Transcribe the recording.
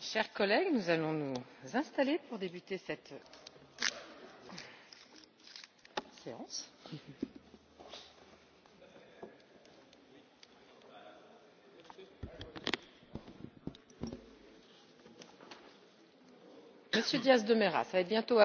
chers collègues nous allons nous installer pour débuter cette séance. monsieur diaz de mera va bientôt avoir la parole pour expliquer son vote sur le rapport